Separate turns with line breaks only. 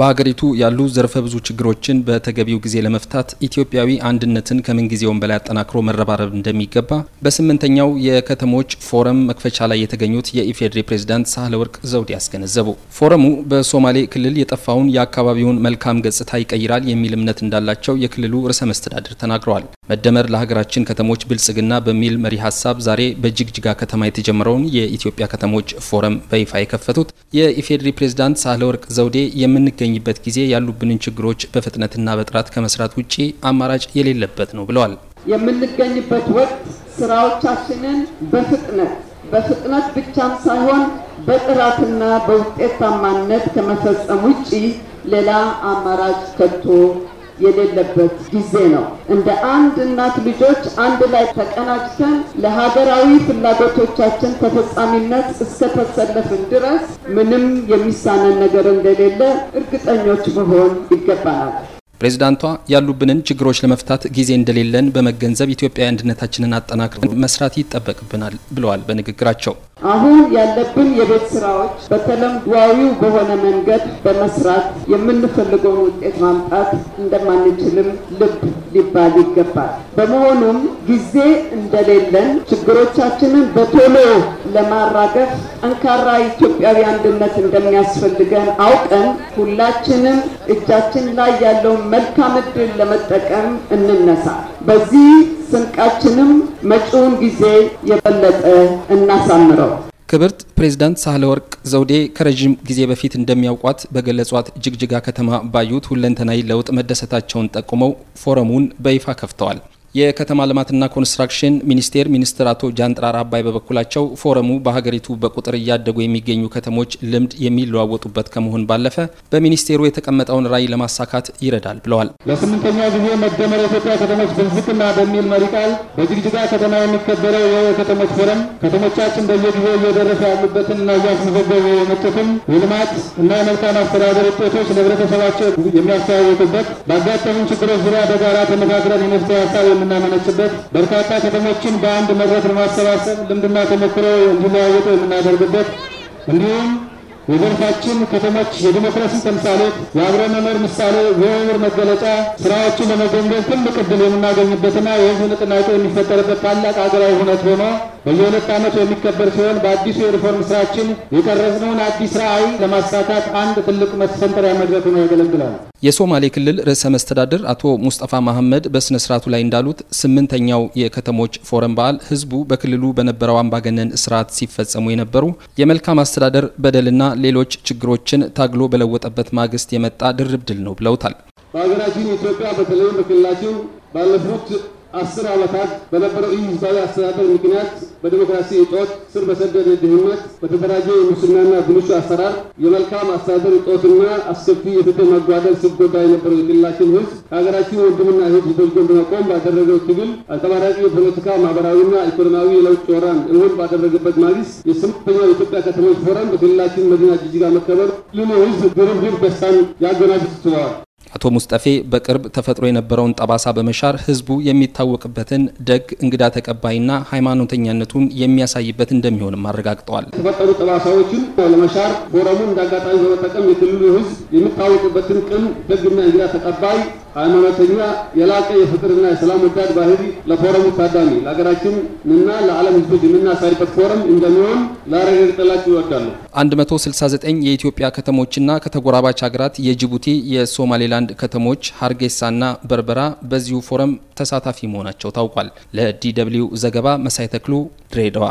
በሀገሪቱ ያሉ ዘርፈ ብዙ ችግሮችን በተገቢው ጊዜ ለመፍታት ኢትዮጵያዊ አንድነትን ከምንጊዜውም በላይ አጠናክሮ መረባረብ እንደሚገባ በስምንተኛው የከተሞች ፎረም መክፈቻ ላይ የተገኙት የኢፌዴሪ ፕሬዝዳንት ሳህለወርቅ ዘውዴ ያስገነዘቡ። ፎረሙ በሶማሌ ክልል የጠፋውን የአካባቢውን መልካም ገጽታ ይቀይራል የሚል እምነት እንዳላቸው የክልሉ ርዕሰ መስተዳድር ተናግረዋል። መደመር ለሀገራችን ከተሞች ብልጽግና በሚል መሪ ሀሳብ ዛሬ በጅግጅጋ ከተማ የተጀመረውን የኢትዮጵያ ከተሞች ፎረም በይፋ የከፈቱት የኢፌዴሪ ፕሬዝዳንት ሳህለወርቅ ዘውዴ የምንገኝበት ጊዜ ያሉብንን ችግሮች በፍጥነትና በጥራት ከመስራት ውጪ አማራጭ የሌለበት ነው ብለዋል።
የምንገኝበት ወቅት ስራዎቻችንን በፍጥነት በፍጥነት ብቻም ሳይሆን በጥራትና በውጤታማነት ከመፈጸም ውጪ ሌላ አማራጭ ከቶ የሌለበት ጊዜ ነው። እንደ አንድ እናት ልጆች አንድ ላይ ተቀናጅተን ለሀገራዊ ፍላጎቶቻችን ተፈጻሚነት እስከተሰለፍን ድረስ ምንም የሚሳነን ነገር እንደሌለ እርግጠኞች መሆን ይገባናል።
ፕሬዚዳንቷ ያሉብንን ችግሮች ለመፍታት ጊዜ እንደሌለን በመገንዘብ ኢትዮጵያ አንድነታችንን አጠናክረን መስራት ይጠበቅብናል ብለዋል በንግግራቸው።
አሁን ያለብን የቤት ስራዎች በተለምዷዊው በሆነ መንገድ በመስራት የምንፈልገውን ውጤት ማምጣት እንደማንችልም ልብ ሊባል ይገባል። በመሆኑም ጊዜ እንደሌለን ችግሮቻችንን በቶሎ ለማራገፍ ጠንካራ ኢትዮጵያዊ አንድነት እንደሚያስፈልገን አውቀን ሁላችንም እጃችን ላይ ያለውን መልካም እድል ለመጠቀም እንነሳ። በዚህ ስንቃችንም መጪውን ጊዜ የበለጠ እናሳምረው።
ክብርት ፕሬዚዳንት ሳህለ ወርቅ ዘውዴ ከረዥም ጊዜ በፊት እንደሚያውቋት በገለጿት ጅግጅጋ ከተማ ባዩት ሁለንተናዊ ለውጥ መደሰታቸውን ጠቁመው ፎረሙን በይፋ ከፍተዋል። የከተማ ልማትና ኮንስትራክሽን ሚኒስቴር ሚኒስትር አቶ ጃንጥራር አባይ በበኩላቸው ፎረሙ በሀገሪቱ በቁጥር እያደጉ የሚገኙ ከተሞች ልምድ የሚለዋወጡበት ከመሆን ባለፈ በሚኒስቴሩ የተቀመጠውን ራዕይ ለማሳካት ይረዳል ብለዋል።
ለስምንተኛ ጊዜ መደመር የኢትዮጵያ ከተሞች ብልጽግና በሚል መሪ ቃል በጅግጅጋ ከተማ የሚከበረው የከተሞች ፎረም ከተሞቻችን በየጊዜው እየደረሱ ያሉበትን እና እያስመዘገቡ የመጡትን የልማት እና የመልካም አስተዳደር ውጤቶች ለህብረተሰባቸው የሚያስተዋወቁበት በአጋጠሙን ችግሮች ዙሪያ በጋራ ተመካክረን የመፍትሄ ሀሳብ የምናመነጭበት በርካታ ከተሞችን በአንድ መድረክ በማሰባሰብ ልምድና ተሞክሮ እንዲለዋወጡ የምናደርግበት እንዲሁም የዘርፋችን ከተሞች የዲሞክራሲ ተምሳሌት፣ የአብረ መኖር ምሳሌ፣ የውውር መገለጫ ስራዎችን ለመገንገል ትልቅ እድል የምናገኝበትና የህዝብ ንቅናቄ የሚፈጠርበት ታላቅ ሀገራዊ ሁነት ሆኖ በየሁለት ዓመቱ የሚከበር ሲሆን በአዲሱ የሪፎርም ስራችን የቀረጽነውን አዲስ ራዕይ ለማሳካት አንድ ትልቅ መሰንጠሪያ መድረክ ሆኖ ያገለግላል።
የሶማሌ ክልል ርዕሰ መስተዳድር አቶ ሙስጠፋ መሐመድ በስነ ስርዓቱ ላይ እንዳሉት ስምንተኛው የከተሞች ፎረም በዓል ህዝቡ በክልሉ በነበረው አምባገነን ስርዓት ሲፈጸሙ የነበሩ የመልካም አስተዳደር በደልና ሌሎች ችግሮችን ታግሎ በለወጠበት ማግስት የመጣ ድርብ ድል ነው ብለውታል።
በሀገራችን ኢትዮጵያ በተለይም በክልላችን ባለፉት አስር ዓመታት በነበረው ኢ ህዝባዊ አስተዳደር ምክንያት በዲሞክራሲ እጦት ስር በሰደደ ድህነት፣ በተደራጀ የሙስናና ብልሹ አሰራር፣ የመልካም አስተዳደር እጦትና አስከፊ የፍትህ መጓደል ሲጎዳ የነበረው የክልላችን ህዝብ ከሀገራችን ወንድምና እህት ልጆች ጎን በመቆም ባደረገው ትግል አንጸባራቂ የፖለቲካ ማህበራዊና ኢኮኖሚያዊ የለውጥ ጮራን እውን ባደረገበት ማግስት የስምንተኛው የኢትዮጵያ ከተሞች ፎረም በክልላችን መዲና ጅጅጋ መከበር ልሎ ህዝብ ድርብድብ ደስታን ያጎናጽፈዋል።
አቶ ሙስጠፌ በቅርብ ተፈጥሮ የነበረውን ጠባሳ በመሻር ህዝቡ የሚታወቅበትን ደግ እንግዳ ተቀባይና ሃይማኖተኛነቱን የሚያሳይበት እንደሚሆንም አረጋግጠዋል።
የተፈጠሩ ጠባሳዎችን ለመሻር ፎረሙን እንዳጋጣሚ በመጠቀም የክልሉ ህዝብ የሚታወቅበትን ቅን ደግና እንግዳ ተቀባይ ሃይማኖተኛ የላቀ የፍቅርና የሰላም ወዳድ ባህሪ ለፎረሙ ታዳሚ ለሀገራችን ለሀገራችንና ለዓለም ህዝቦች የምናሳይበት ፎረም እንደሚሆን ላረጋግጥላችሁ ይወዳሉ።
169 የኢትዮጵያ ከተሞችና ከተጎራባች ሀገራት የጅቡቲ፣ የሶማሌላንድ ከተሞች ሀርጌሳና በርበራ በዚሁ ፎረም ተሳታፊ መሆናቸው ታውቋል። ለዲ ደብልዩ ዘገባ መሳይ ተክሉ ድሬዳዋ